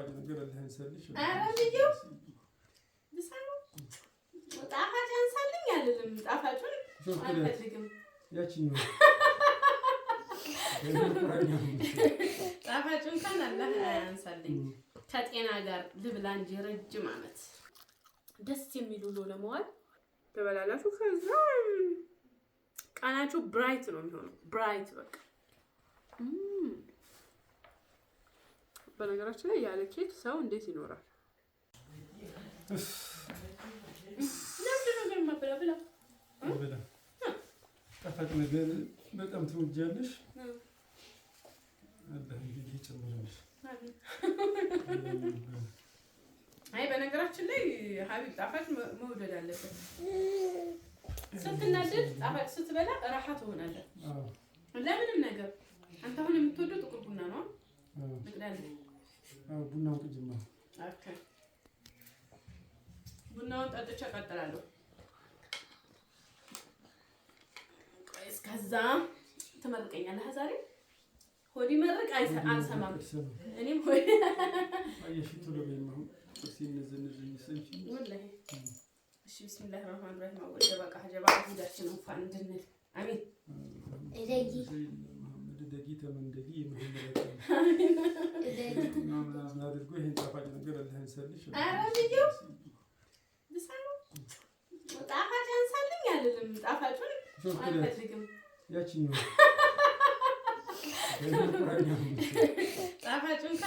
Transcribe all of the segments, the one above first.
ጣፋጭ ነገር አለ አንሳልሽ። ኧረ ጣፋጭ አንሳልኝ አልልም። ጣፋጩን አልፈልግም። ጣፋጩን አንሳልኝ። ከጤና ጋር ልብላ እንጂ ረጅም ዓመት ደስ የሚል ውሎ ለመዋል ተበላላችሁ። ከዛ ቀናችሁ ብራይት ነው የሚሆነው። ብራይት በቃ በነገራችን ላይ ያለ ኬክ ሰው እንዴት ይኖራል? ጣፋጭ ነገር በጣም ትወጃለሽ። አይ በነገራችን ላይ ሀቢብ ጣፋጭ መውደድ አለበት። ስትናደድ ጣፋጭ ስትበላ ራሓ ትሆናለህ። ለምንም ነገር አንተ አሁን የምትወደው ጥቁር ቡና ነው። ቡናውን ቅጅማ ቡናውን ጠጥቼ እቀጥላለሁ። እስከዛ ትመርቀኛለህ። ዛሬ ሆድ ይመርቅ አልሰማም። እኔም ቢስሚላህ ራህማን ጀባ ሁዳችን እንኳን እንድንል አሜን ዘግይተ መንገዲ አድርጎ ይህን ጣፋጭ ነገር ጣፋጭ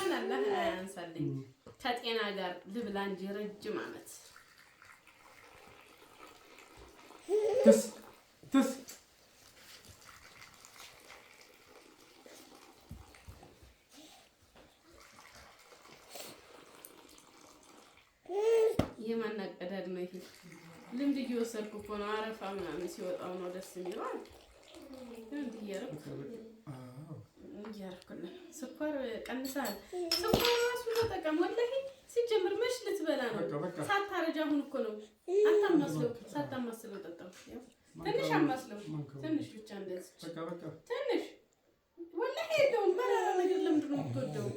አለ ከጤና ጋር ልብላ እንጂ ረጅም አመት ትስ ትስ ማናቀዳድ ነው። ይሄ ልምድ እየወሰድኩ እኮ ነው። አረፋ ምናምን ሲወጣው ነው ደስ የሚለዋል። ልምድ እያደረኩ እያደረኩልን ስኳር ቀንሳል። ስኳር ራሱ ተጠቀም ወላሂ። ሲጀምር መች ልትበላ ነው? ሳታረጃ አሁን እኮ ነው። አታማስለው፣ ሳታማስለው ጠጣው። ትንሽ አማስለው፣ ትንሽ ብቻ እንደዚህ ትንሽ ወላሂ የለውም። መራራ ነገር ለምንድን ነው የምትወደው?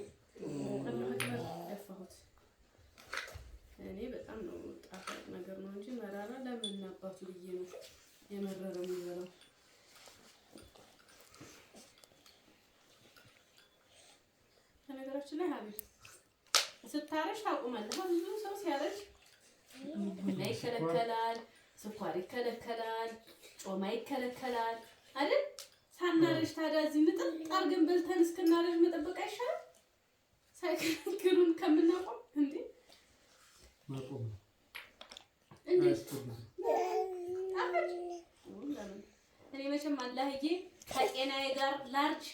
በነገራችን ላይ ሀብል ስታረሽ ታቁማለህ። ብዙ ሰው ሲያረሽ ቡና ይከለከላል፣ ስኳር ይከለከላል፣ ጮማ ይከለከላል አይደል? ሳናረሽ ታዲያ እዚህ ምጥጥ አድርገን በልተን እስክናረሽ መጠበቅ አይሻልም? ሳይክሉን ከምናቆም እንዴ እኔ መቼም አላህዬ ከጤናዬ ጋር ላርጅ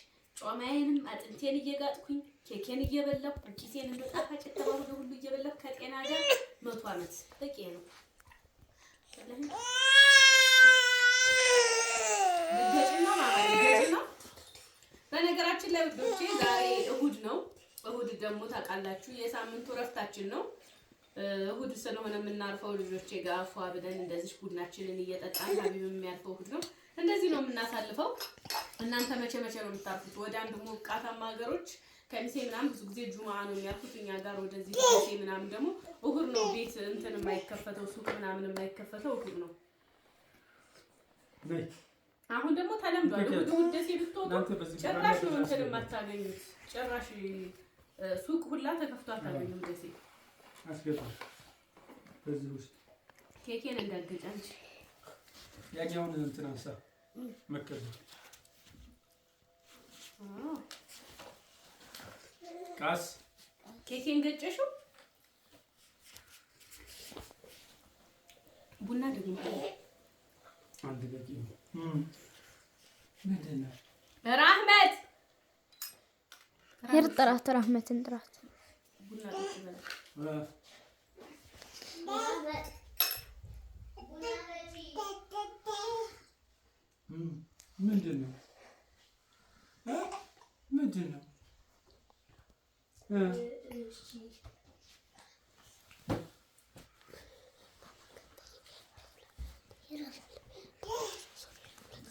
ጮማዬንም አጥንቴን እየጋጥኩኝ ኬኬን እየበላሁ ኩኪሴን እንደጣፋጭ የተባሉ ሁሉ እየበላሁ ከጤና ጋር መቶ ዓመት በቂ ነው። በነገራችን ላይ ውዶቼ ዛሬ እሁድ ነው። እሁድ ደግሞ ታውቃላችሁ የሳምንቱ እረፍታችን ነው። እሁድ ስለሆነ የምናርፈው ልጆቼ ጋር ፏ ብለን እንደዚህ ቡናችንን እየጠጣን ሀቢብ የሚያርፈው እሁድ ነው። እንደዚህ ነው የምናሳልፈው። እናንተ መቼ መቼ ነው የምታርፉት? ወደ አንድ ሞቃታማ ሀገሮች ከሚሴ ምናምን ብዙ ጊዜ ጁማ ነው የሚያርፉት እኛ ጋር ወደዚህ ከሚሴ ምናምን ደግሞ እሑድ ነው ቤት እንትን የማይከፈተው ሱቅ ምናምን የማይከፈተው እሑድ ነው። አሁን ደግሞ ተለምዷል። እሑድ ውደሴ ብትወጡ ጭራሽ ነው እንትን የማታገኙት። ጭራሽ ሱቅ ሁላ ተከፍቶ አታገኙ ውደሴ። ኬኬን እንዳገጫ እንጂ ያኛውን እንትን አንሳ መከል ቃስ ኬኬን ገጨሽው። ቡና ደግሞ አንድ ገጭ ምንድን ነው? ራህመት ይር ጥራት ራህመትን ጥራት ቡና ምንድን ነው ምንድን ነው?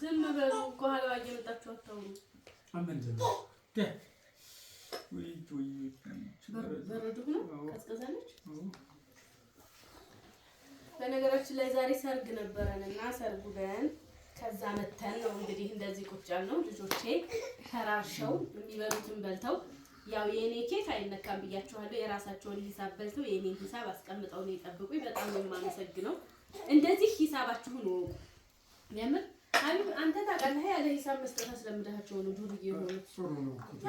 ዝም በሉ ከኋላ እየመጣችሁ አታውሩ። ምንድን ነው ቀዝቀዛለች። በነገራችን ላይ ዛሬ ሰርግ ነበረን እና ሰርጉ ደን ከዛ መተን ነው እንግዲህ እንደዚህ ቁጭ ያልነው። ልጆቼ ተራርሸው የሚበሉትን በልተው ያው የእኔ ኬክ አይነካም ብያችኋለሁ። የራሳቸውን ሂሳብ በልተው የእኔን ሂሳብ አስቀምጠው ነው የጠብቁኝ። በጣም ነው የማመሰግነው። እንደዚህ ሂሳባችሁን ወቁ። የምር አንተ ታውቃለህ፣ ያለ ሂሳብ መስጠት አስለምዳቸው ነው ዱር የሆኑት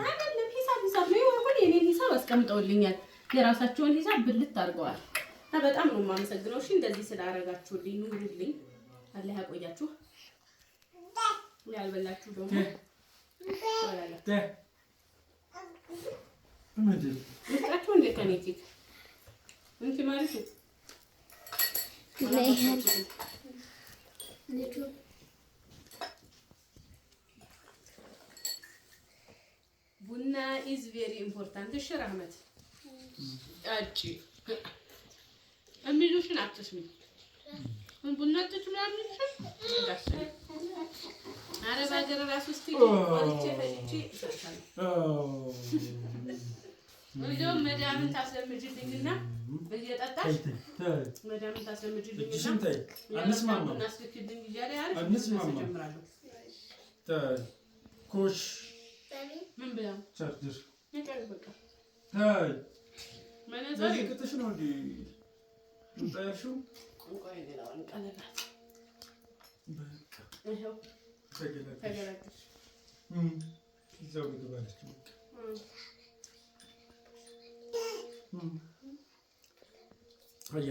አይደለም። ሂሳብ ሂሳብ ነው ይወቁን። የእኔን ሂሳብ አስቀምጠውልኛል። የራሳቸውን ሂሳብ ብልት አድርገዋል። በጣም ነው የማመሰግነው። እሺ እንደዚህ ስላደረጋችሁልኝ ኑሩልኝ። አለ ያቆያችሁ። ያልበላችሁ ደግሞ ውስጣችሁ ቡና ኢዝ ቬሪ ኢምፖርታንት። እሺ ራህመት ጠጪ የሚሉሽን አትስሚ። ቡና ጥጭ ምናምን አረብ ሀገር እራሱ ምን ብላ ቻርጅር እንቆይ ሌላውን ቀንላት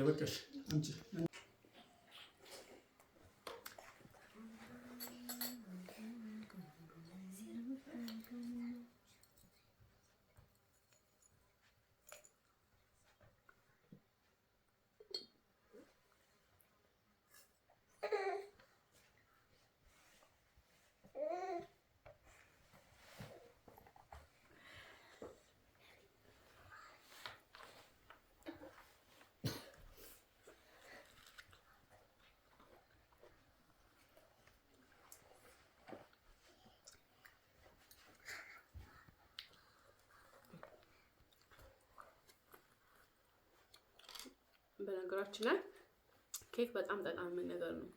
በቃ በነገራችን ላይ ኬክ በጣም ጠቃሚ ነገር ነው።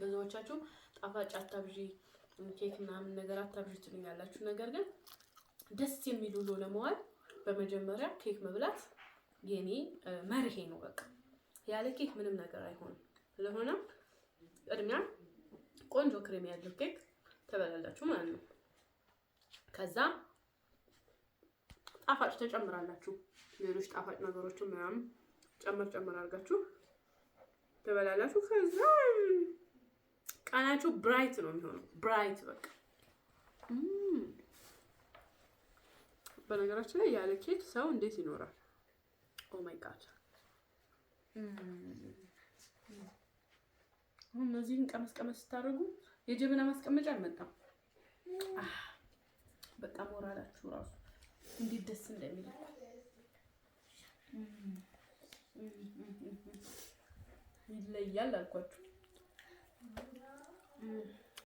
ብዙዎቻችሁ ጣፋጭ አታብዢ፣ ኬክ ምናምን ነገር አታብዢ ትሉኛላችሁ። ነገር ግን ደስ የሚል ውሎ ለመዋል በመጀመሪያ ኬክ መብላት የኔ መርሄ ነው። በቃ ያለ ኬክ ምንም ነገር አይሆንም። ስለሆነ ቅድሚያ ቆንጆ ክሬም ያለው ኬክ ተበላላችሁ ማለት ነው። ከዛ ጣፋጭ ተጨምራላችሁ ሌሎች ጣፋጭ ነገሮችን ምናምን ጨመር ጨመር አድርጋችሁ ትበላላችሁ። ከዛ ቀናችሁ ብራይት ነው የሚሆነው። ብራይት በቃ በነገራችን ላይ ያለ ኬክ ሰው እንዴት ይኖራል? ኦ ማይ ጋድ! አሁን እነዚህን ቀመስ ቀመስ ስታደርጉ የጀበና ማስቀመጫ አልመጣም። በጣም ሞራላችሁ ራሱ እንዴት ደስ እንደሚል ይለያል አልኳችሁ።